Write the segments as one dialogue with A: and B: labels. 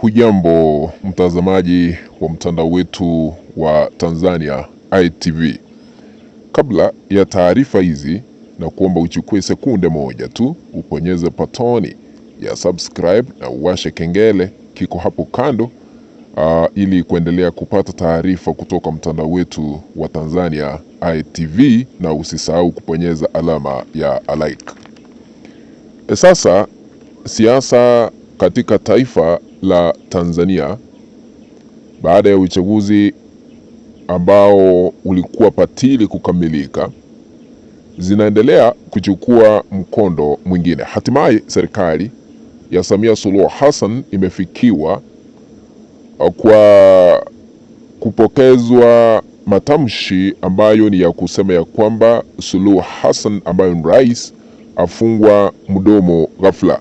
A: Hujambo mtazamaji wa mtandao wetu wa Tanzania ITV. Kabla ya taarifa hizi, na kuomba uchukue sekunde moja tu uponyeze patoni ya subscribe na uwashe kengele, kiko hapo kando, uh, ili kuendelea kupata taarifa kutoka mtandao wetu wa Tanzania ITV, na usisahau kuponyeza alama ya like. Sasa siasa katika taifa la Tanzania baada ya uchaguzi ambao ulikuwa patili kukamilika zinaendelea kuchukua mkondo mwingine. Hatimaye serikali ya Samia Suluhu Hassan imefikiwa uh, kwa kupokezwa matamshi ambayo ni ya kusema ya kwamba Suluhu Hassan ambayo ni rais afungwa mdomo ghafla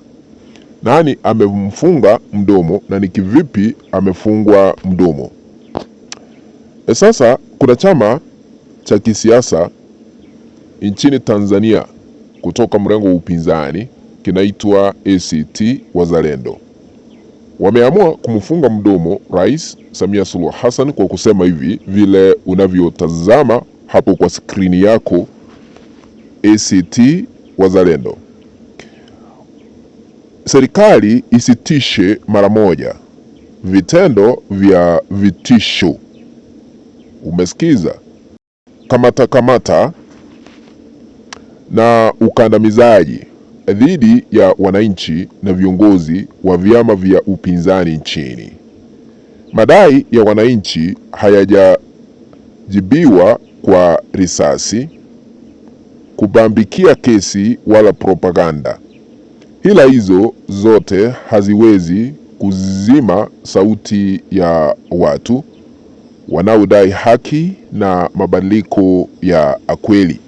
A: nani amemfunga mdomo na ni kivipi amefungwa mdomo. E, sasa kuna chama cha kisiasa nchini Tanzania kutoka mrengo wa upinzani kinaitwa ACT Wazalendo wameamua kumfunga mdomo Rais Samia Suluhu Hassan kwa kusema hivi vile unavyotazama hapo kwa skrini yako. ACT Wazalendo Serikali isitishe mara moja vitendo vya vitisho. Umesikiza? Kamata kamata na ukandamizaji dhidi ya wananchi na viongozi wa vyama vya upinzani nchini. Madai ya wananchi hayajajibiwa kwa risasi, kubambikia kesi wala propaganda. Ila hizo zote haziwezi kuzima sauti ya watu wanaodai haki na mabadiliko ya akweli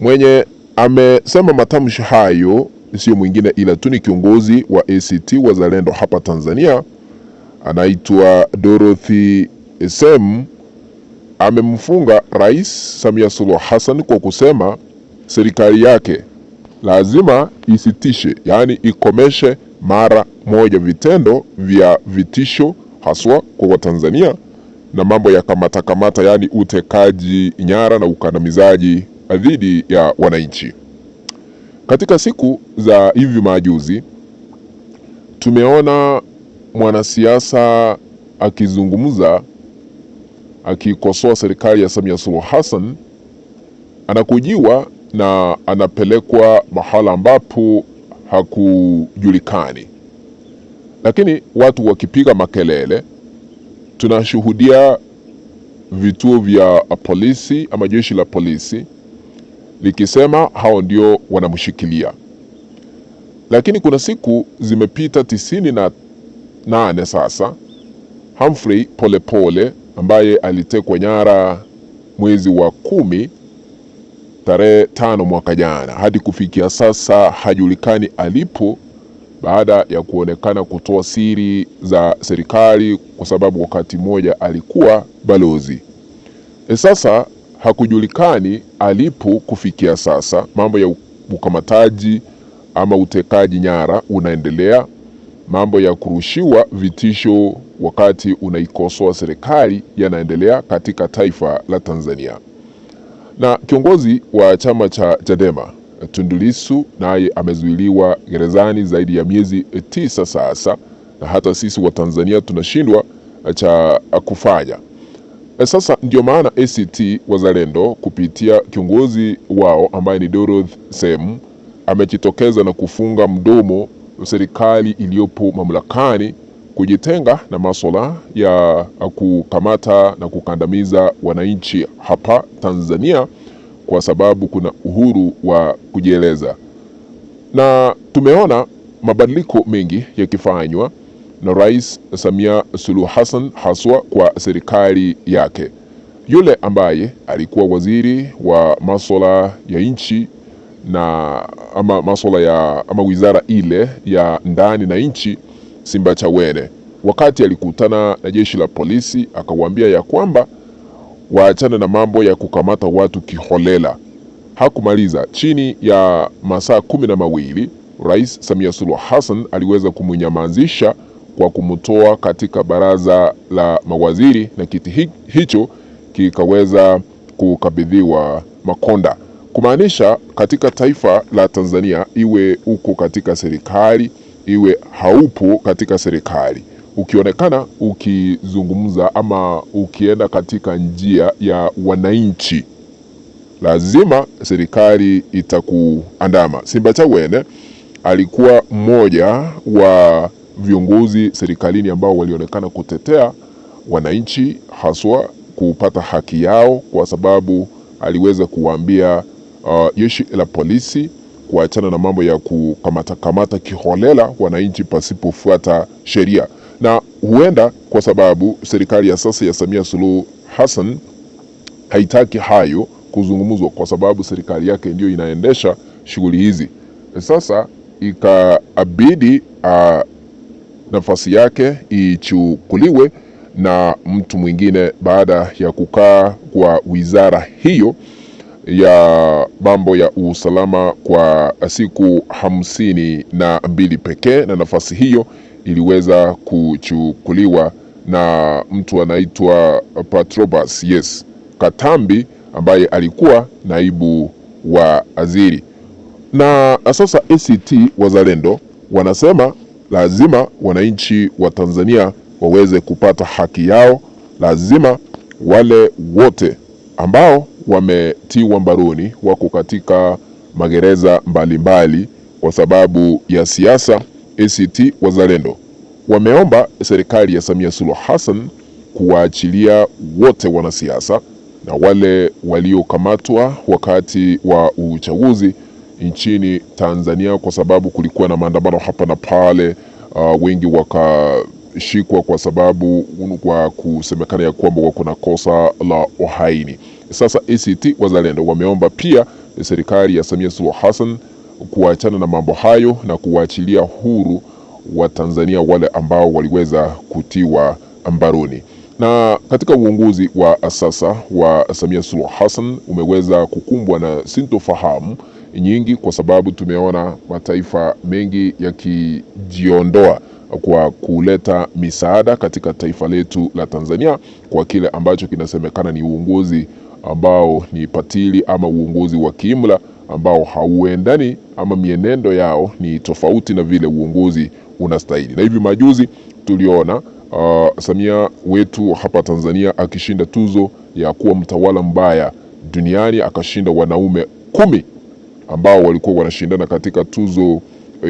A: Mwenye amesema matamshi hayo sio mwingine ila tu ni kiongozi wa ACT Wazalendo hapa Tanzania, anaitwa Dorothy Sem. Amemfunga Rais Samia Suluhu Hassan kwa kusema serikali yake lazima isitishe, yaani ikomeshe mara moja vitendo vya vitisho haswa kwa Watanzania na mambo ya kamata kamata, yaani utekaji nyara na ukandamizaji dhidi ya wananchi. Katika siku za hivi majuzi tumeona mwanasiasa akizungumza akikosoa serikali ya Samia Suluhu Hassan anakujiwa na anapelekwa mahala ambapo hakujulikani, lakini watu wakipiga makelele. Tunashuhudia vituo vya polisi ama jeshi la polisi likisema hao ndio wanamshikilia, lakini kuna siku zimepita tisini na nane sasa. Humphrey Polepole ambaye alitekwa nyara mwezi wa kumi tarehe tano mwaka jana. Hadi kufikia sasa hajulikani alipo baada ya kuonekana kutoa siri za serikali kwa sababu wakati mmoja alikuwa balozi. E, sasa hakujulikani alipo kufikia sasa. Mambo ya ukamataji ama utekaji nyara unaendelea, mambo ya kurushiwa vitisho wakati unaikosoa serikali yanaendelea katika taifa la Tanzania. Na kiongozi wa chama cha Chadema Tundu Lissu naye amezuiliwa gerezani zaidi ya miezi tisa sasa, na hata sisi wa Tanzania tunashindwa eh, cha kufanya. Eh, sasa ndio maana ACT Wazalendo kupitia kiongozi wao ambaye ni Doroth Semu amejitokeza na kufunga mdomo serikali iliyopo mamlakani kujitenga na masuala ya kukamata na kukandamiza wananchi hapa Tanzania kwa sababu kuna uhuru wa kujieleza, na tumeona mabadiliko mengi yakifanywa na Rais Samia Suluhu Hassan, haswa kwa serikali yake. Yule ambaye alikuwa waziri wa masuala ya nchi na ama masuala ya ama wizara ile ya ndani na nchi Simbachawene wakati alikutana na jeshi la polisi, akawaambia ya kwamba waachane na mambo ya kukamata watu kiholela. Hakumaliza, chini ya masaa kumi na mawili Rais Samia Suluhu Hassan aliweza kumnyamazisha kwa kumtoa katika baraza la mawaziri na kiti hicho kikaweza kukabidhiwa Makonda, kumaanisha katika taifa la Tanzania, iwe uko katika serikali iwe haupo katika serikali. Ukionekana ukizungumza ama ukienda katika njia ya wananchi, lazima serikali itakuandama. Simba Chawene alikuwa mmoja wa viongozi serikalini ambao walionekana kutetea wananchi haswa kupata haki yao, kwa sababu aliweza kuwaambia uh, jeshi la polisi kuachana na mambo ya kukamata kamata kiholela wananchi pasipofuata sheria, na huenda kwa sababu serikali ya sasa ya Samia Suluhu Hassan haitaki hayo kuzungumzwa, kwa sababu serikali yake ndiyo inaendesha shughuli hizi. Sasa ikaabidi nafasi yake ichukuliwe na mtu mwingine baada ya kukaa kwa wizara hiyo ya mambo ya usalama kwa siku hamsini na mbili pekee, na nafasi hiyo iliweza kuchukuliwa na mtu anaitwa Patrobas yes Katambi ambaye alikuwa naibu wa waziri. Na sasa ACT Wazalendo wanasema lazima wananchi wa Tanzania waweze kupata haki yao, lazima wale wote ambao wametiwa mbaroni, wako katika magereza mbalimbali mbali kwa sababu ya siasa. ACT Wazalendo wameomba serikali ya Samia Suluhu Hassan kuwaachilia wote wanasiasa na wale waliokamatwa wakati wa uchaguzi nchini Tanzania, kwa sababu kulikuwa na maandamano hapa na pale, uh, wengi waka shikwa kwa sababu kwa kusemekana ya kwamba wako na kosa la uhaini. Sasa ACT Wazalendo wameomba pia serikali ya Samia Suluhu Hassan kuachana na mambo hayo na kuwaachilia huru wa Tanzania wale ambao waliweza kutiwa mbaroni. Na katika uongozi wa sasa wa Samia Suluhu Hassan umeweza kukumbwa na sintofahamu nyingi, kwa sababu tumeona mataifa mengi yakijiondoa kwa kuleta misaada katika taifa letu la Tanzania kwa kile ambacho kinasemekana ni uongozi ambao ni patili ama uongozi wa kiimla ambao hauendani ama mienendo yao ni tofauti na vile uongozi unastahili. Na hivi majuzi tuliona uh, Samia wetu hapa Tanzania akishinda tuzo ya kuwa mtawala mbaya duniani, akashinda wanaume kumi ambao walikuwa wanashindana katika tuzo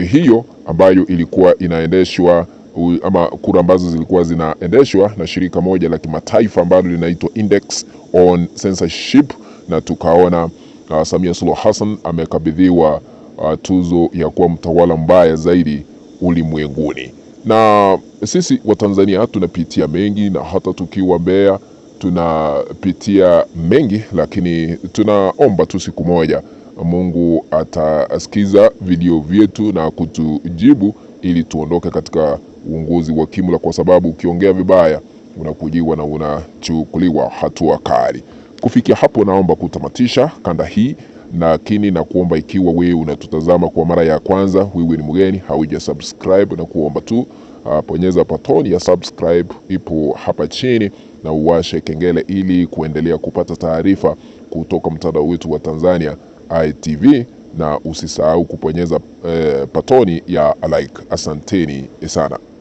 A: hiyo ambayo ilikuwa inaendeshwa ama kura ambazo zilikuwa zinaendeshwa na shirika moja la kimataifa ambalo linaitwa Index on Censorship, na tukaona uh, Samia Suluhu Hassan amekabidhiwa uh, tuzo ya kuwa mtawala mbaya zaidi ulimwenguni. Na sisi Watanzania tunapitia mengi, na hata tukiwa Mbeya tunapitia mengi, lakini tunaomba tu siku moja Mungu atasikiza video vyetu na kutujibu ili tuondoke katika uongozi wa kimla, kwa sababu ukiongea vibaya unakujiwa na unachukuliwa hatua kali. Kufikia hapo, naomba kutamatisha kanda hii, lakini na kuomba ikiwa wewe unatutazama kwa mara ya kwanza, wewe ni mgeni, hauja subscribe, na kuomba tu ah, bonyeza patoni ya subscribe ipo hapa chini na uwashe kengele ili kuendelea kupata taarifa kutoka mtandao wetu wa Tanzania ITV na usisahau kuponyeza eh, patoni ya like. Asanteni sana.